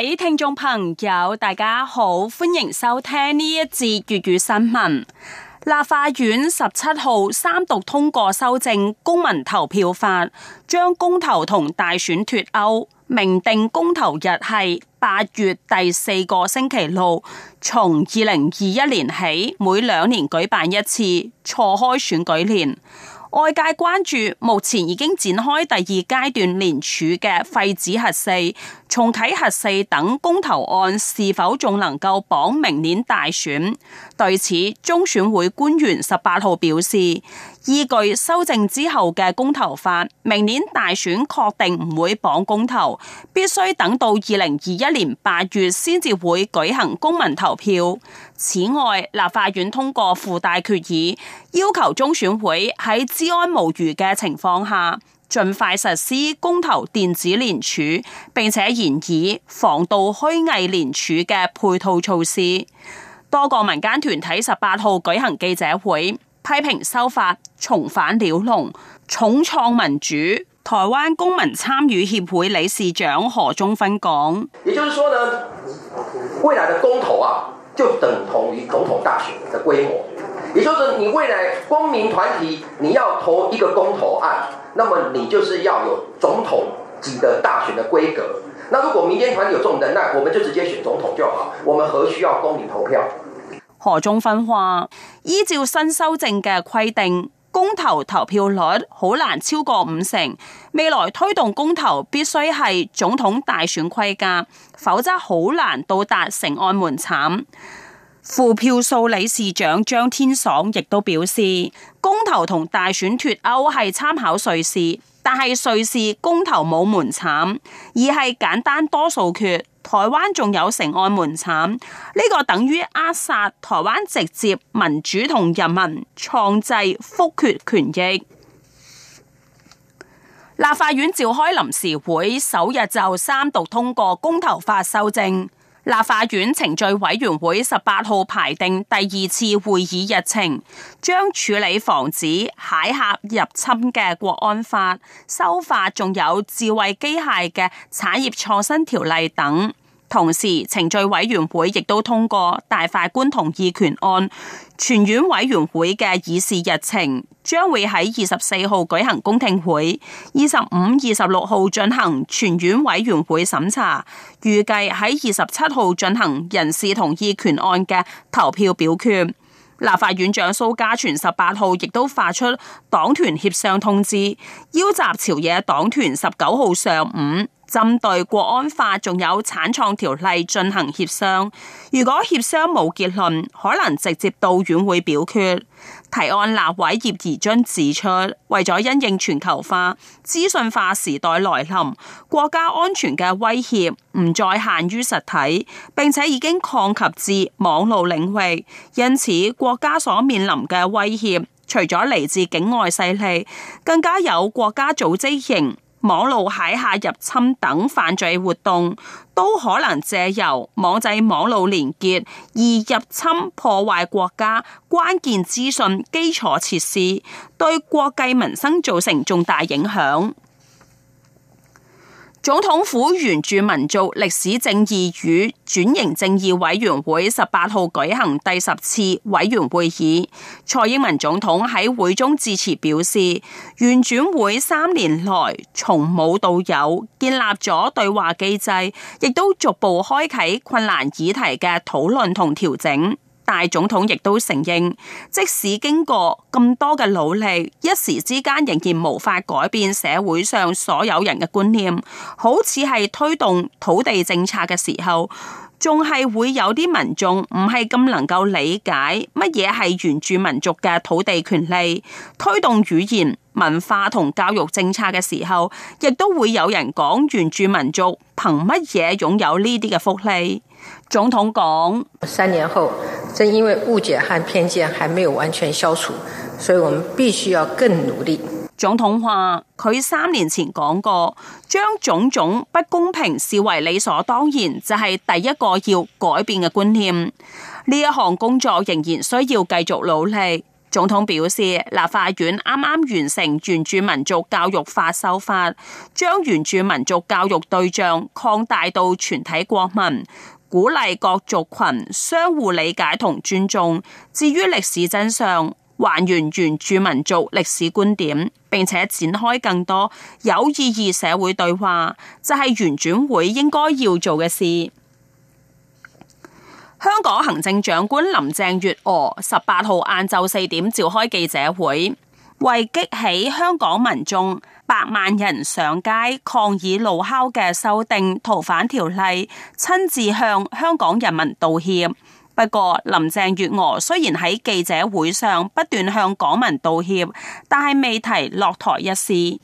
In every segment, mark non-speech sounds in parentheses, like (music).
各位聽眾朋友，大家好，歡迎收聽呢一節粵語新聞。立法院十七號三讀通過修正《公民投票法》，將公投同大選脫鉤，明定公投日係八月第四個星期六，從二零二一年起每兩年舉辦一次，錯開選舉年。外界關注，目前已經展開第二階段連署嘅廢止核四、重啟核四等公投案，是否仲能夠綁明年大選？對此，中選會官員十八號表示。依據修正之後嘅公投法，明年大選確定唔會綁公投，必須等到二零二一年八月先至會舉行公民投票。此外，立法院通過附帶決議，要求中選會喺治安無虞嘅情況下，盡快實施公投電子連署，並且研議防杜虛偽連署嘅配套措施。多個民間團體十八號舉行記者會。批評修法重返鳥籠，重創民主。台灣公民參與協會理事長何忠芬講：也就是說呢，未來的公投啊，就等同於總統大選的規模。也就是你未來公民團體你要投一個公投案，那麼你就是要有總統級的大選的規格。那如果民間團體有這種能力，那我們就直接選總統就好，我們何需要公民投票？何中芬話：依照新修正嘅規定，公投投票率好難超過五成。未來推動公投必須係總統大選規格，否則好難到達成案門檻。副票數理事長張天爽亦都表示，公投同大選脫鉤係參考瑞士，但係瑞士公投冇門檻，而係簡單多數決。台灣仲有成案門檻，呢、這個等於扼殺台灣直接民主同人民創制複決權益。立法院召開臨時會，首日就三讀通過公投法修正。立法院程序委員會十八號排定第二次會議日程，將處理防止駭客入侵嘅國安法修法，仲有智慧機械嘅產業創新條例等。同時，程序委員會亦都通過大法官同意權案。全院委員會嘅議事日程將會喺二十四號舉行公聽會，二十五、二十六號進行全院委員會審查，預計喺二十七號進行人事同意權案嘅投票表決。立法院長蘇嘉全十八號亦都發出黨團協商通知，邀集朝野黨團十九號上午。針對國安法仲有產創條例進行協商，如果協商冇結論，可能直接到院會表決。提案立委葉宜津指出，為咗因應全球化、資訊化時代來臨，國家安全嘅威脅唔再限於實體，並且已經擴及至網絡領域。因此，國家所面臨嘅威脅，除咗嚟自境外勢力，更加有國家組織型網路駭客入侵等犯罪活動，都可能借由網際網路連結而入侵破壞國家關鍵資訊基礎設施，對國計民生造成重大影響。總統府原住民族歷史正義與轉型正義委員會十八號舉行第十次委員會議，蔡英文總統喺會中致辭表示，原轉會三年來從冇到有，有，建立咗對話機制，亦都逐步開啟困難議題嘅討論同調整。大總統亦都承認，即使經過咁多嘅努力，一時之間仍然無法改變社會上所有人嘅觀念，好似係推動土地政策嘅時候，仲係會有啲民眾唔係咁能夠理解乜嘢係原住民族嘅土地權利，推動語言、文化同教育政策嘅時候，亦都會有人講原住民族憑乜嘢擁有呢啲嘅福利？總統講：三年後，正因為誤解和偏見還沒有完全消除，所以我們必須要更努力。總統話：佢三年前講過，將種種不公平視為理所當然，就係第一個要改變嘅觀念。呢一行工作仍然需要繼續努力。總統表示，立法院啱啱完成《原住民族教育法》修法，將原住民族教育對象擴大到全體國民，鼓勵各族群相互理解同尊重。至於歷史真相，還原原住民族歷史觀點，並且展開更多有意義社會對話，就係、是、原轉會應該要做嘅事。香港行政長官林鄭月娥十八號晏晝四點召開記者會，為激起香港民眾百萬人上街抗議怒敲嘅修訂逃犯條例，親自向香港人民道歉。不過，林鄭月娥雖然喺記者會上不斷向港民道歉，但係未提落台一事。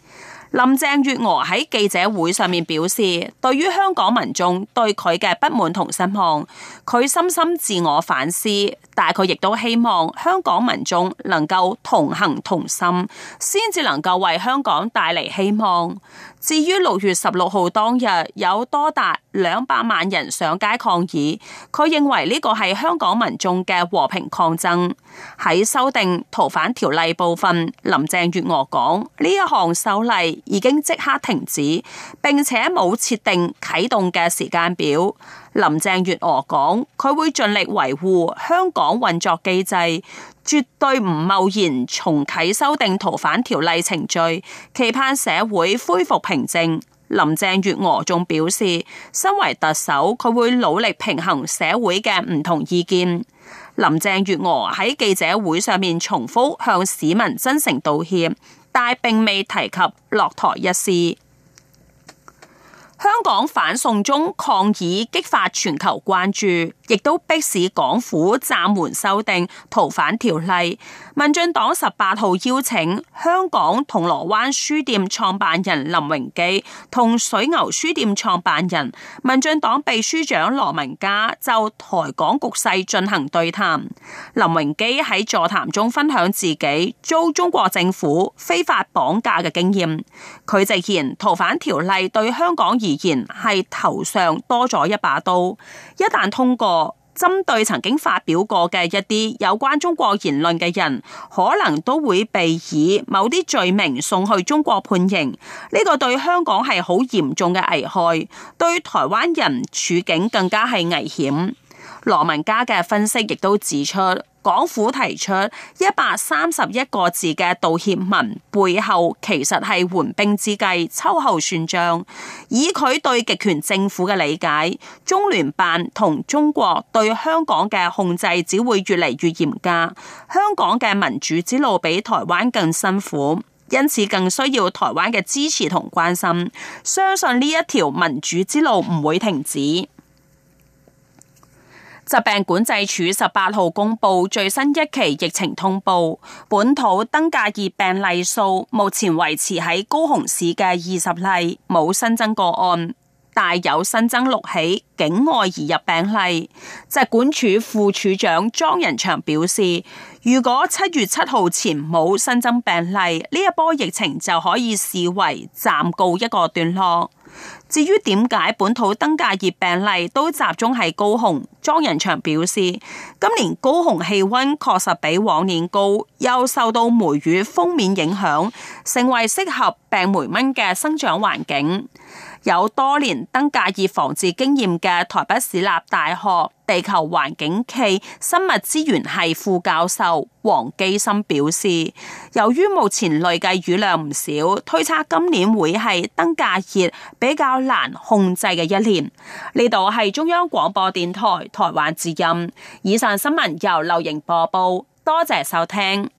林鄭月娥喺記者會上面表示，對於香港民眾對佢嘅不滿同失望，佢深深自我反思，但係佢亦都希望香港民眾能夠同行同心，先至能夠為香港帶嚟希望。至於六月十六號當日有多達兩百萬人上街抗議，佢認為呢個係香港民眾嘅和平抗爭。喺修訂逃犯條例部分，林鄭月娥講呢一項修例。已經即刻停止，並且冇設定啟動嘅時間表。林鄭月娥講：佢會盡力維護香港運作機制，絕對唔貿然重啟修訂逃犯條例程序，期盼社會恢復平靜。林鄭月娥仲表示，身為特首，佢會努力平衡社會嘅唔同意見。林鄭月娥喺記者會上面重複向市民真誠道歉。但並未提及落台一事。香港反送中抗議激發全球關注。亦都迫使港府暫緩修訂逃犯條例。民進黨十八號邀請香港銅鑼灣書店創辦人林榮基同水牛書店創辦人、民進黨秘書長羅文嘉就台港局勢進行對談。林榮基喺座談中分享自己遭中國政府非法綁架嘅經驗，佢直言逃犯條例對香港而言係頭上多咗一把刀，一旦通過，針對曾經發表過嘅一啲有關中國言論嘅人，可能都會被以某啲罪名送去中國判刑，呢個對香港係好嚴重嘅危害，對台灣人處境更加係危險。羅文嘉嘅分析亦都指出，港府提出一百三十一個字嘅道歉文，背後其實係緩兵之計，秋後算賬。以佢對極權政府嘅理解，中聯辦同中國對香港嘅控制只會越嚟越嚴格。香港嘅民主之路比台灣更辛苦，因此更需要台灣嘅支持同關心。相信呢一條民主之路唔會停止。疾病管制署十八號公布最新一期疫情通報，本土登革熱病例數目前維持喺高雄市嘅二十例，冇新增個案，但有新增六起境外移入病例。疾 (noise) 管署副署長莊仁祥表示，如果七月七號前冇新增病例，呢一波疫情就可以視為暫告一個段落。至於點解本土登革熱病例都集中係高雄？莊人祥表示，今年高雄氣溫確實比往年高，又受到梅雨鋒面影響，成為適合病媒蚊嘅生長環境。有多年登革熱防治經驗嘅台北市立大學地球環境暨生物資源系副教授黃基森表示，由於目前累計雨量唔少，推測今年會係登革熱比較難控制嘅一年。呢度係中央廣播電台台灣之音。以上新聞由劉瑩播報，多謝收聽。